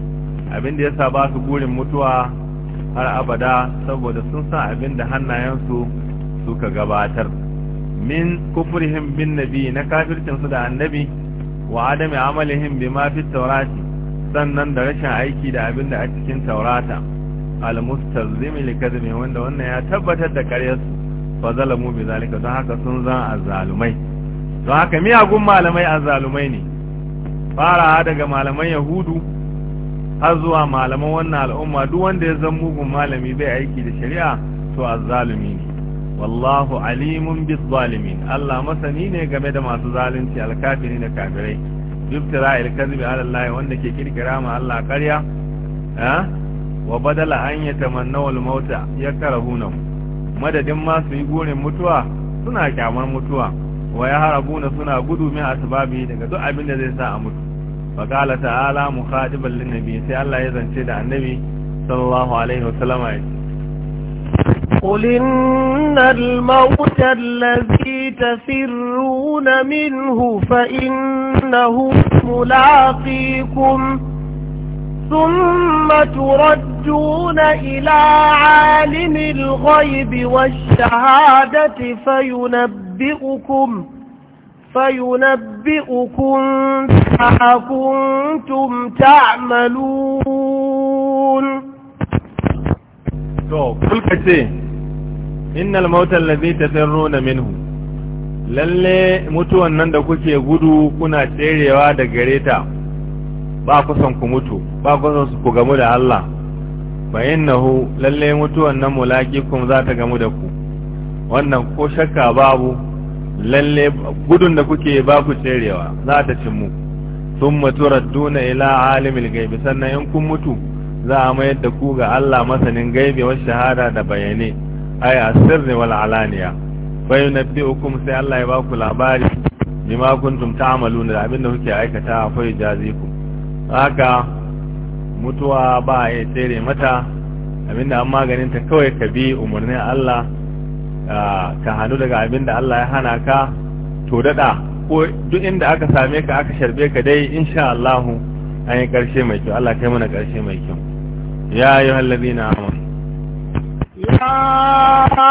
abin da yasa ba su gurin mutuwa har abada saboda sun san abin da hannayensu suka gabatar min kufrihim bin nabi na kafircin su da annabi wa adami amalihim bima fi sannan da rashin aiki da abin da a cikin taurata al-mustazimi li kadhibi wanda wannan ya tabbatar da karyar su fa zalamu bi zalika don haka sun zan azzalumai don haka miyagun malamai azzalumai ne Farawa daga malaman yahudu har zuwa malaman wannan al'umma duk wanda ya zan mugun malami bai aiki da shari'a to azzalumi ne wallahu alimun bis zalimin Allah masani ne game da masu zalunci alkafiri da kafirai yuftira alkazibi ala Allah wanda ke kirkira ma Allah ƙarya eh wa badala an yatamannaw almauta yakrahuna madadin ma su yi gurin mutuwa suna kyamar mutuwa wa harabuna suna gudu mai asbabi daga duk abin da zai sa a mutu fa qala ta'ala mukhadiban lin nabi sai Allah ya zance da annabi sallallahu alaihi wasallama قل إن الموت الذي تفرون منه فإنه ملاقيكم ثم تردون إلى عالم الغيب والشهادة فينبئكم فينبئكم بما كنتم تعملون to kulka ce innal mautal ladhi tasirruna minhu lalle mutuwan nan da kuke gudu kuna tserewa da gareta ta ba kusan ku mutu ba kusan ku gamu da Allah ba innahu lalle mutuwan nan mulaqikum za ta gamu da ku wannan ko shakka babu lalle gudun da kuke ba ku tserewa za ta cimmu sun turadduna ila alimil gaibi sannan in kun mutu za a mayar da ku ga Allah masanin gaibi wa shahada da bayanai aya sirri wal alaniya fa yunabbi'ukum sai Allah ya baku labari bima kuntum ta'maluna da abin kuke aikata fa yajazikum haka mutuwa ba ya tsere mata abinda an maganin ta kawai ka bi umarnin Allah ka hannu daga abinda Allah ya hana ka to dada ko duk inda aka same ka aka sharbe ka dai insha Allah an yi karshe mai kyau Allah kai mana karshe mai kyau ya ayyuhallazina amanu يا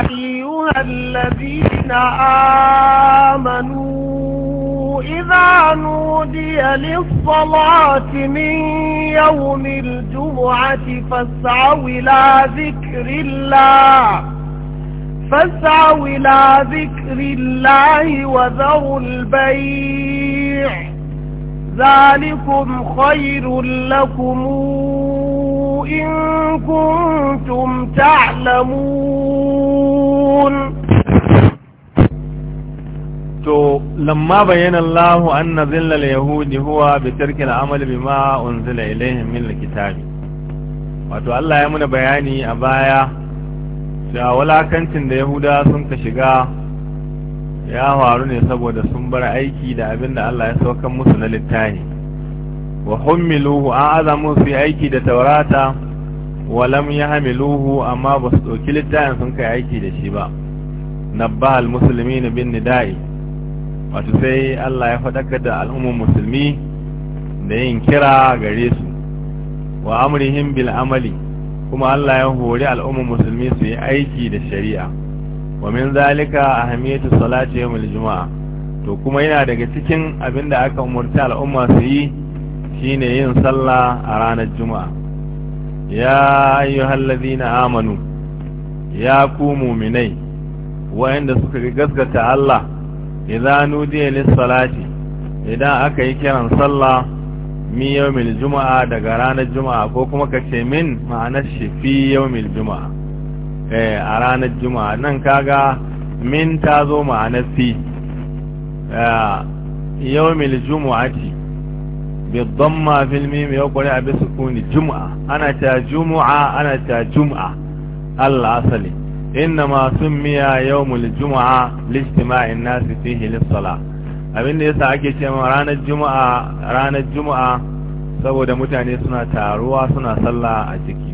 أيها الذين آمنوا إذا نودي للصلاة من يوم الجمعة فاسعوا إلى ذكر الله فاسعوا إلى ذكر الله وذروا البيع ذلكم خير لكم إن كنتم تعلمون to lamma bayyana Allah anna zillal yahudi huwa bi tarkil amali bima unzila ilaihim min alkitabi wato Allah ya muna bayani a baya da walakancin da yahuda sun ka shiga ya faru ne saboda sun bar aiki da abinda Allah ya saukan musu na littafi wa hummiluhu an azamu su aiki da taurata wa lam yahmiluhu amma ba su ɗauki littafin sun kai aiki da shi ba nabbahal na bin nida'i wato sai Allah ya faɗaka da al'ummar musulmi da yin kira gare su wa amrihim bil amali kuma Allah ya hori al'ummar musulmi su yi aiki da shari'a wa min zalika ahamiyatu salati yawmil juma'a to kuma yana daga cikin abinda aka umurta al'umma su yi shine yin sallah a ranar juma'a ya ayyuhal na amanu ya ku muminai wa'inda suka gaskata Allah idan nudiya lis-salati idan aka yi kiran sallah mi yawmil juma'a daga ranar juma'a ko kuma ka ce min ma'anar shi fi yawmil juma'a eh a ranar juma'a nan kaga min ta zo ma'anar fi ah, juma'a ce. bidamma fil mim ya a bisu jum'a ana ta jumu'a ana ta jum'a Allah asali inna ma summiya yawmul jumu'a lijtima'in nas fihi lis-salah abinda yasa ake cewa ranar jumu'a ranar jumu'a saboda mutane suna taruwa suna sallah a ciki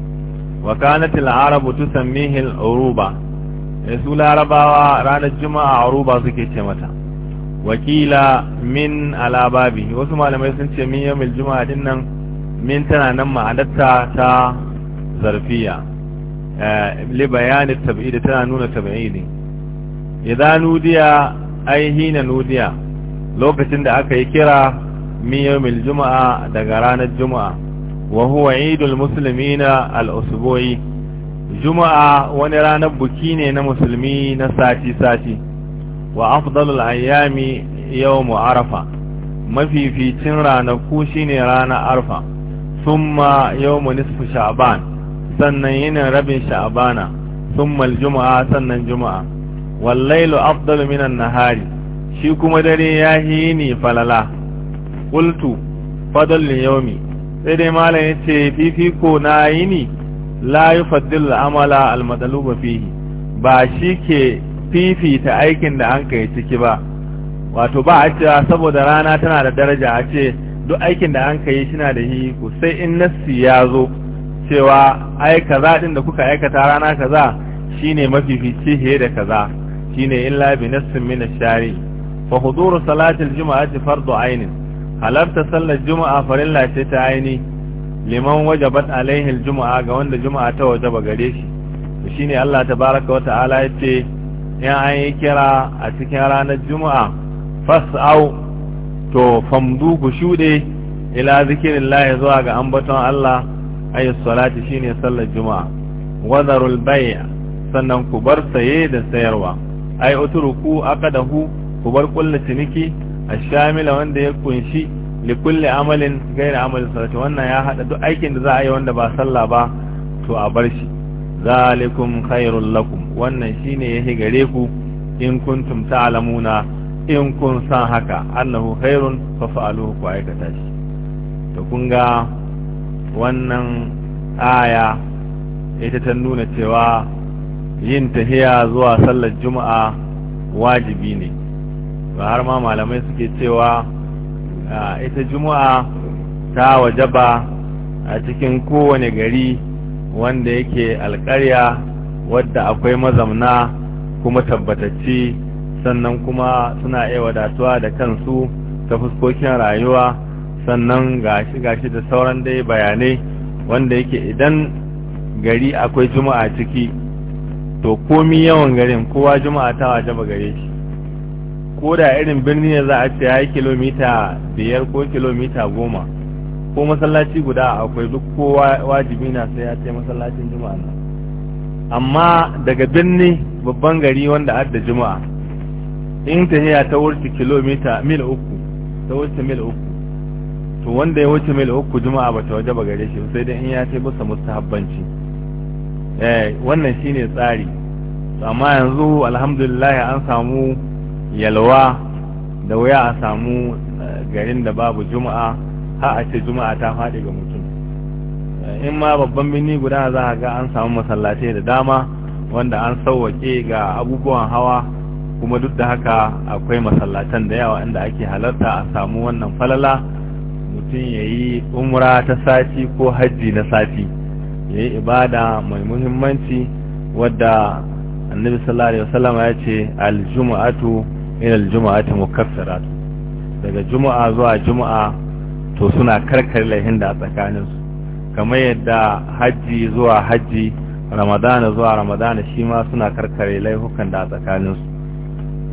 wa kanatil arabu tusammihi al-uruba su larabawa ranar juma'a uruba suke ce mata wakila min alababi wasu malamai sun ce min yamil juma'a din nan min tana nan ma'anarta ta zarfiya eh, li bayani tab'id tana nuna tab'idi idan nudiya ai hina nudiya lokacin da aka yi kira min yamil juma'a daga ranar juma'a wa huwa idul muslimina al-usbu'i juma'a wani ranar buki ne na musulmi na sati sati wa afdalul ayyami yawmu arafa mafificin ranaku shine ranar arfa thumma yawmu nisfu sha'ban sannan yinin rabin sha'bana thumma aljum'a sannan juma'a wal laylu afdalu minan nahari shi kuma dare yahi ni falala qultu fadlul yawmi sai dai malam yace fifiko na yini la yufaddilu amala al madluba fihi ba shi ke fifita aikin da an kai ciki ba wato ba a cewa saboda rana tana da daraja a ce duk aikin da an kai shi na da ku sai in nassi ya zo cewa ai kaza din da kuka aikata rana kaza shine mafifici he da kaza shine illa bi nassin min ash-shari fa salatin salati al-jum'ati fardu ayn halarta sallar juma'a farilla ce ta aini liman wajabat alaihi al-jum'a ga wanda juma'a ta wajaba gare shi shine Allah tabaaraka wa ta'ala yace in an yi kira a cikin ranar juma'a fas'au to famdu ku shuɗe ila zikirin lahi zuwa ga ambaton Allah ayi salati shine sallar juma'a wadarul bay'a sannan ku bar saye da sayarwa ai utruku aqadahu ku bar kullu ciniki ashamila wanda ya kunshi li kulli amalin gaira amalin salati wannan ya hada duk aikin da za a yi wanda ba sallah ba to a bar shi zalikum khairul lakum wannan shine yahi gare ku in kuntum ta'lamuna in kun san haka annahu khairun fa fa'aluhu ku aikata shi to kun ga wannan aya ita ta nuna cewa yin tahiya zuwa sallar juma'a wajibi ne ba har ma malamai suke cewa ita juma'a ta wajaba a cikin kowane gari wanda yake alƙarya wadda akwai mazamna kuma tabbatacci sannan kuma suna iya wadatuwa da kansu ta fuskokin rayuwa sannan gashi-gashi da sauran dai bayanai wanda yake idan gari akwai juma'a ciki to komi yawan garin kowa juma'a ta waje ba gare shi ko da irin birni ne za a ce ya kilomita biyar ko kilomita goma ko masallaci guda akwai duk kowa wajibi na sai ya ce masallacin juma'a nan amma daga birni babban gari wanda adda juma'a in tahiya ta wurti kilomita mil uku ta wuce mil uku to wanda ya wuce mil uku juma'a ba ta waje ba gare shi sai dai in ya ce bisa mustahabbanci eh wannan shine tsari amma yanzu alhamdulillah an samu yalwa da waya a samu eh, garin da babu juma'a har a ce juma'a ta faɗi ga mutum in ma babban birni guda za a ga an samu masallatai da dama wanda an sauwake ga abubuwan hawa kuma duk da haka akwai masallatan da yawa inda ake halarta a samu wannan falala mutum ya yi umra ta sati ko hajji na sati ya yi ibada mai muhimmanci wadda annabi sallallahu alaihi wasallam ya ce aljuma'atu ila aljuma'ati mukaffarat daga juma'a zuwa juma'a to suna karkar laihin da a tsakaninsu kamar yadda hajji zuwa hajji ramadana zuwa ramadana shi ma suna karkare laihukan da a tsakaninsu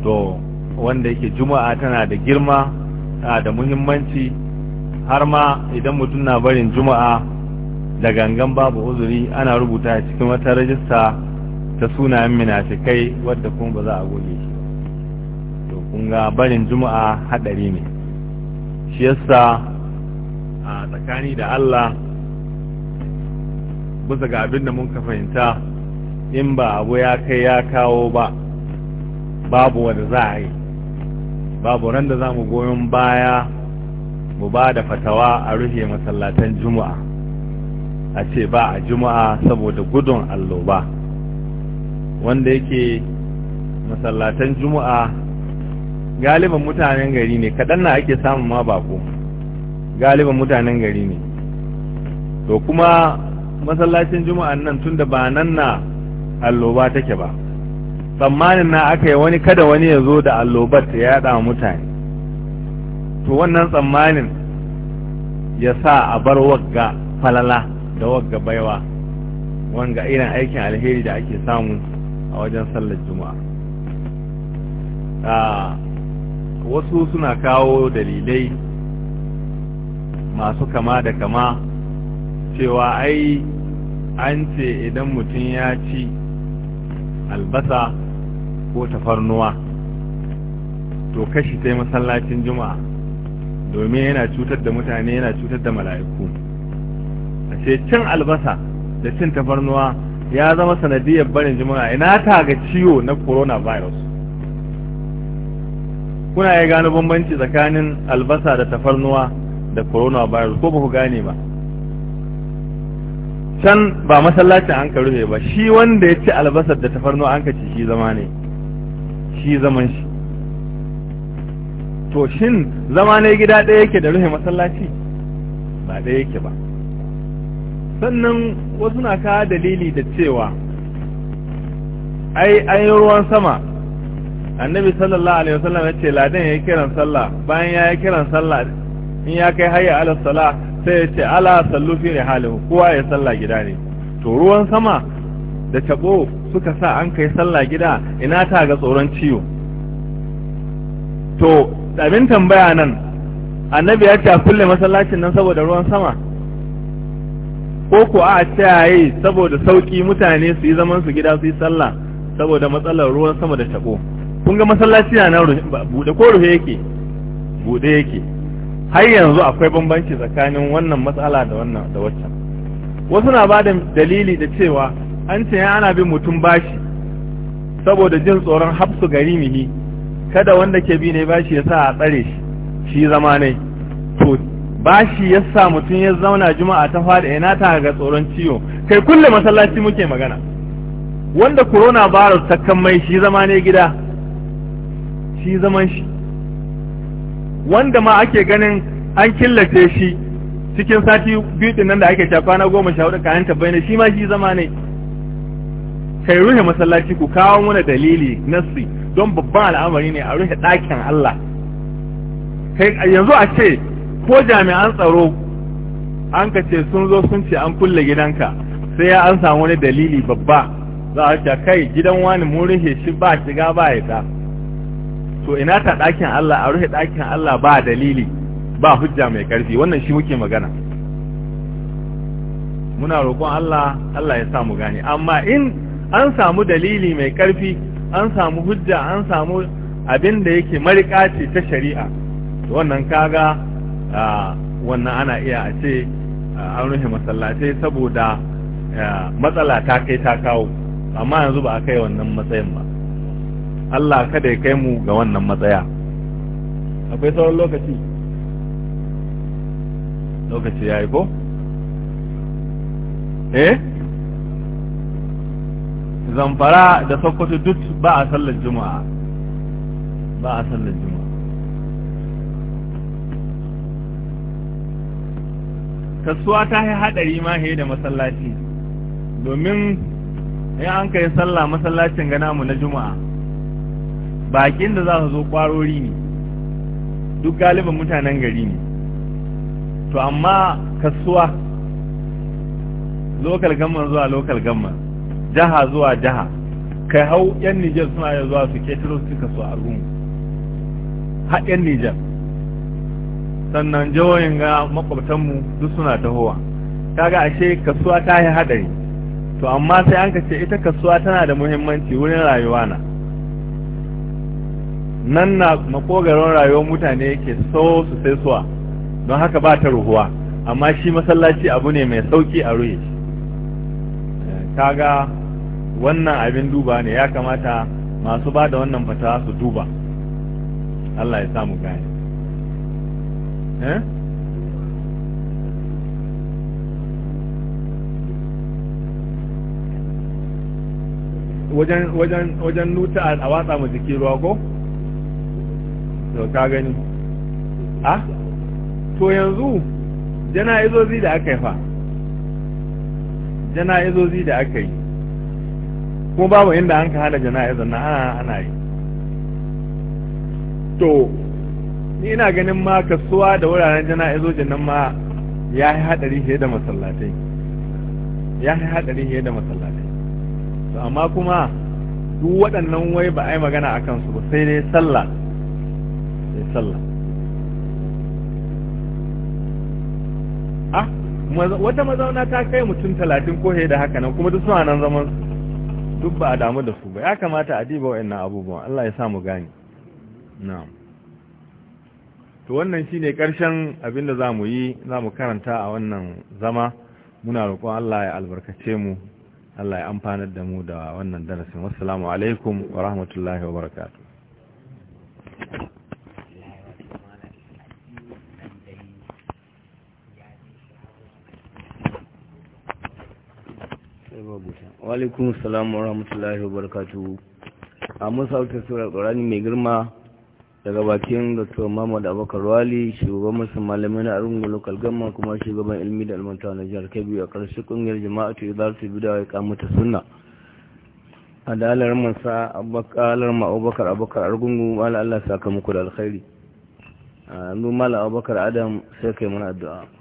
to wanda yake juma'a tana da girma tana da muhimmanci har ma idan mutum na barin juma'a da gangan babu uzuri ana rubuta cikin wata rajista ta sunayen minafikai wadda kuma ba za a goge shi to kun ga barin juma'a hadari ne shi yasa a tsakani da Allah bisa ga abin da mun ka fahimta in ba abu ya kai ya kawo ba babu wanda za a yi babu ran da za mu goyon baya mu ba da fatawa a rufe masallatan juma'a a ce ba a juma'a saboda gudun allo ba. wanda yake masallatan juma'a galiban mutanen gari ne kaɗan na ake samun ma bako galiban mutanen gari ne to kuma masallacin juma'a nan tunda ba nan na alloba take ba tsammanin na aka yi wani kada wani ya zo da allobar ta yada mutane to wannan tsammanin ya sa a bar wagga falala da wagga baiwa wanga irin aikin alheri da ake samu a wajen sallar juma'a ah, wasu suna kawo dalilai masu kama da kama cewa ai an ce idan mutum ya ci albasa ko tafarnuwa to kashi sai masallacin juma'a domin yana cutar da mutane yana cutar da mala'iku a ce cin albasa da cin tafarnuwa ya zama sanadiyar barin juma'a ina ta ga ciwo na Corona coronavirus kuna ya gano bambanci tsakanin albasa da tafarnuwa da coronavirus ko ba ku gane ba can ba masallacin an ka rufe ba shi wanda ya ci albasar da tafarno an ka ci shi zama ne shi zaman shi to shin zama ne gida ɗaya yake da rufe masallaci ba ɗaya yake ba sannan wasu na kawo dalili da cewa ai an yi ruwan sama annabi sallallahu alaihi wasallam ya ce ladan ya yi kiran sallah bayan ya yi kiran sallah in ya kai hayya ala sala sai ya ce ala sallu fi halihu kowa ya salla gida ne to ruwan sama da tabo suka sa an kai salla gida ina ta ga tsoron ciwo to abin tambaya nan annabi ya ce a kulle masallacin nan saboda ruwan sama ko ko a ce yayi saboda sauki mutane su yi zaman su gida su yi sallah saboda matsalar ruwan sama da tabo kun ga masallaci na nan buɗe ko rufe yake buɗe yake har yanzu akwai bambanci tsakanin wannan matsala da wannan da waccan wasu na bada dalili da cewa an ce ana bin mutum bashi saboda jin tsoron hafsu gari mihi kada wanda ke bi ne bashi ya sa a tsare shi shi zama ne to bashi ya sa mutum ya zauna juma'a ta fada ina ta ga tsoron ciwo kai kulle masallaci muke magana wanda corona virus ta kan mai shi zama ne gida shi zaman shi wanda ma ake ganin an killace shi cikin sati biyu nan da ake cewa kwana goma sha hudu kayan tabbai shi ma shi zama ne kai ruhe masallaci ku kawo mana dalili nasi don babban al'amari ne a ruhe ɗakin Allah kai yanzu a ce ko jami'an tsaro an ka ce sun zo sun ce an kulle gidanka sai ya an samu wani dalili babba za a kai gidan wani mu ruhe shi ba shiga ba ya ta to ina ta ɗakin Allah a rufe ɗakin Allah ba dalili ba hujja mai ƙarfi wannan shi muke magana muna roƙon Allah Allah ya samu gane amma in an samu dalili mai ƙarfi an samu hujja an samu abin da yake marika ta shari'a wannan kaga wannan ana iya a ce an rufe masallatai saboda matsala ta kai ta kawo amma yanzu ba a kai wannan matsayin ba Allah kada ya kai mu ga wannan matsaya akwai sauran lokaci lokaci ya yi ko? eh zamfara da sokoto duk ba a sallar juma'a ba a sallar juma'a kasuwa ta yi haɗari ma da masallaci domin ya an kai sallah masallacin ga namu na juma'a bakin da za su zo kwarori ne duk galiban mutanen gari ne to amma kasuwa lokal gamma zuwa lokal gamma jaha zuwa jaha kai hau yan nijar suna yi zuwa su ketaro su kasu a rumu har yan nijar sannan jihohin ga makwabtanmu duk suna tahowa kaga ashe kasuwa ta yi hadari to amma sai an kashe ita kasuwa tana da muhimmanci wurin rayuwa na nan na makogaron rayuwar mutane yake so su sai suwa don haka ba ta ruhuwa amma shi masallaci abu ne mai sauki a ruhe kaga wannan abin duba ne ya kamata masu ba da wannan fata su duba Allah ya samu gani eh wajen wajen wajen nuta a watsa mu jiki ruwa ko to ka gani a to yanzu jana'izozi da aka yi fa jana'izozi da aka yi ko babu inda an ka hada jana'izan na ana ana yi to ni ina ganin ma kasuwa da wuraren jana'izojin nan ma ya yi hadari fiye da masallatai ya yi hadari fiye da masallatai to amma kuma duk waɗannan wai ba a yi magana a kansu ba sai dai sallah sallah ah wata mazauna ta kai mutum talatin ko da haka nan kuma duk suna nan zaman duk ba a damu da su ba ya kamata a diba wa'annan abubuwan Allah ya sa gani na'am to wannan shine karshen abin za mu yi za mu karanta a wannan zama muna roƙon Allah ya albarkace mu Allah ya amfanar da mu da wannan darasin wassalamu alaikum wa rahmatullahi wa barakatuh Walaikun salam wa rahmatullahi wa barakatu. A musautar surar ƙorani mai girma daga bakin Dr. Mahmud Abubakar Wali, shugaban masu malamai na Arungu Lokal Gama, kuma shugaban ilmi da almanta na jihar Kebbi a ƙarshe ƙungiyar jama'atu bi da ya kamata sunna. A dalar masa Abubakar Abubakar Abubakar Argungu, Allah Allah saka muku da alkhairi. A Numa Abubakar Adam sai kai mana addu'a.